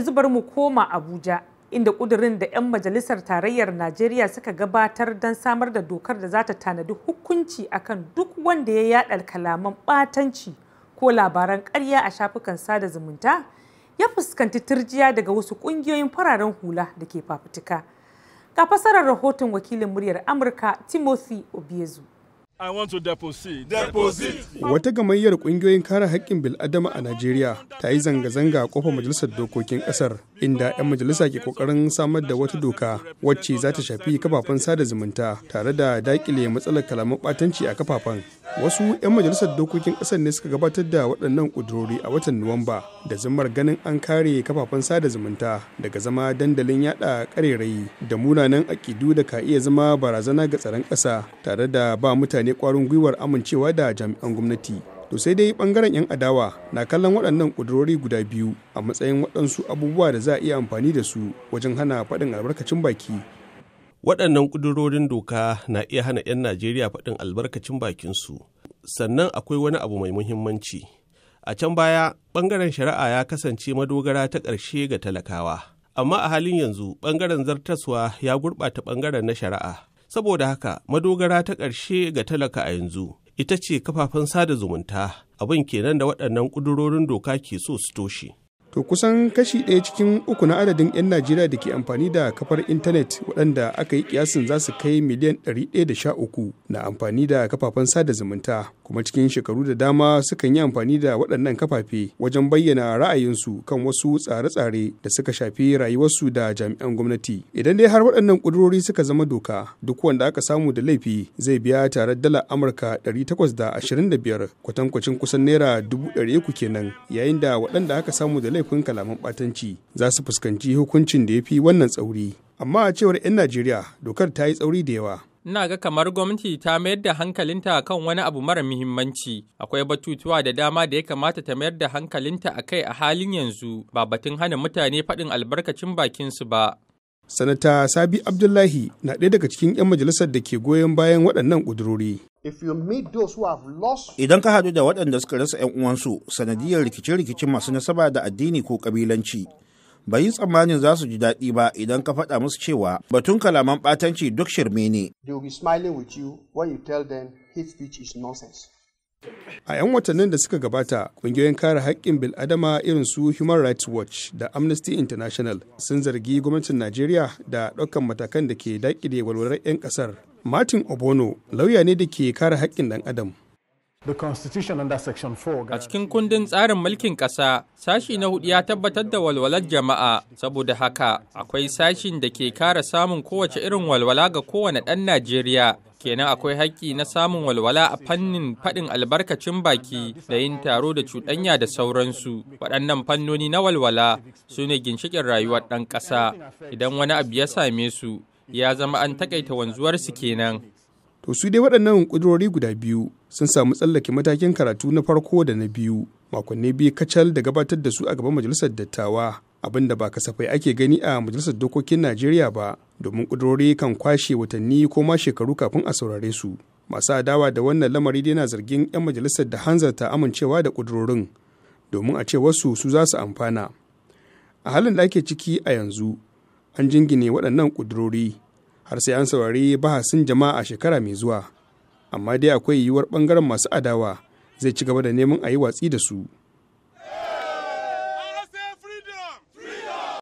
yanzu bari mu koma abuja inda kudirin da 'yan majalisar tarayyar najeriya suka gabatar don samar da dokar da za ta tanadi hukunci akan duk wanda ya yaɗa kalaman ɓatanci ko labaran karya a shafukan sada zumunta ya fuskanci turjiya daga wasu ƙungiyoyin fararen hula da ke fafutuka ga fasarar rahoton wakilin muryar amurka timothy obiezu I want to deposit. Deposit. Wata gamayyar kungiyoyin kare haƙƙin bil'adama a Najeriya ta yi zanga-zanga a kofar majalisar dokokin ƙasar inda 'yan majalisa ke ƙoƙarin samar da wata doka wacce za ta shafi kafafen sada zumunta tare da daƙile matsalar kalaman ɓatanci a kafafen. Wasu 'yan majalisar dokokin ƙasar ne suka gabatar da waɗannan ƙudurori a watan Nuwamba da zimmar ganin an kare kafafen sada zumunta daga zama dandalin yada ƙarerayi da munanan aƙidu da ka iya zama barazana ga tsaron ƙasa tare da ba mutane mutane kwarin gwiwar amincewa da jami'an gwamnati to sai dai bangaren 'yan adawa na kallon waɗannan ƙudurori guda biyu a matsayin waɗansu abubuwa da za a iya amfani da su wajen hana faɗin albarkacin baki waɗannan ƙudurorin doka na iya hana 'yan najeriya faɗin albarkacin bakinsu sannan akwai wani abu mai muhimmanci a can baya bangaren shari'a ya kasance madogara ta ƙarshe ga talakawa amma a halin yanzu ɓangaren zartaswa ya gurɓata ɓangaren na shari'a Saboda haka madogara ta ƙarshe ga talaka a yanzu ita ce kafafen sada zumunta abin kenan da waɗannan ƙudurorin doka ke so su toshe. to kusan kashi ɗaya cikin uku na adadin 'yan najeriya da ke amfani da kafar intanet waɗanda aka yi kiyasin za su kai miliyan 113 na amfani da kafafen sada zumunta kuma cikin shekaru da dama sukan yi amfani da waɗannan kafafe wajen bayyana ra'ayinsu kan wasu tsare-tsare da suka shafi rayuwarsu da jami'an gwamnati idan dai har waɗannan ƙudurori suka zama doka duk wanda aka samu da laifi zai biya tare dala amurka 825 kwatankwacin kusan naira 100 kenan yayin da waɗanda aka samu da laifi laifin kalaman batanci za su fuskanci hukuncin da ya fi wannan tsauri. Amma a cewar 'yan Najeriya dokar ta yi tsauri da yawa. Ina ga kamar gwamnati ta mayar da hankalinta kan wani abu mara muhimmanci. Akwai batutuwa da dama da ya kamata ta mayar da hankalinta a kai a halin yanzu ba batun hana mutane faɗin albarkacin bakinsu ba. Sanata Sabi Abdullahi na ɗaya daga cikin 'yan majalisar da ke goyon bayan waɗannan ƙudurori. if have Idan ka hadu da waɗanda suka rasa 'yan uwansu sanadiyar rikice-rikice masu nasaba da addini ko kabilanci ba yi tsammanin za su ji daɗi ba idan ka faɗa musu cewa batun kalaman ɓatanci duk shirme ne. They smiling with you when you tell them hate speech is nonsense. A 'yan watannin da suka gabata, ƙungiyoyin kare haƙƙin bil'adama irin su Human Rights Watch da Amnesty International sun zargi gwamnatin Najeriya da ɗaukan matakan da ke daƙile walwalar 'yan ƙasar. Martin Obono, lauya ne da ke kare haƙƙin ɗan adam. A cikin kundin tsarin mulkin ƙasa, sashi na hudu ya tabbatar da walwalar jama'a, saboda haka akwai sashin da ke kare samun kowace irin walwala ga kowane ɗan Najeriya kenan akwai haƙƙi na samun walwala a fannin faɗin albarkacin baki da yin taro da cuɗanya da sauransu waɗannan fannoni na walwala su ne ginshiƙin rayuwar ɗan ƙasa idan wani abu ya same su ya zama an taƙaita wanzuwarsu kenan to su dai waɗannan ƙudurori guda biyu sun samu tsallake matakin karatu na farko da na biyu makonni biyu kacal da gabatar da su a gaban majalisar dattawa abin da ba kasafai ake gani a majalisar dokokin najeriya ba domin ƙudurori kan kwashe watanni ko ma shekaru kafin a saurare su masu adawa da wannan lamari dai na zargin 'yan majalisar da hanzarta amincewa da ƙudurorin domin a ce wasu su za su amfana a halin da ake ciki a yanzu an jingine waɗannan ƙudurori har sai an saurari bahasin jama'a a shekara mai zuwa amma dai akwai yiwuwar ɓangaren masu adawa zai ci gaba da neman a yi watsi da su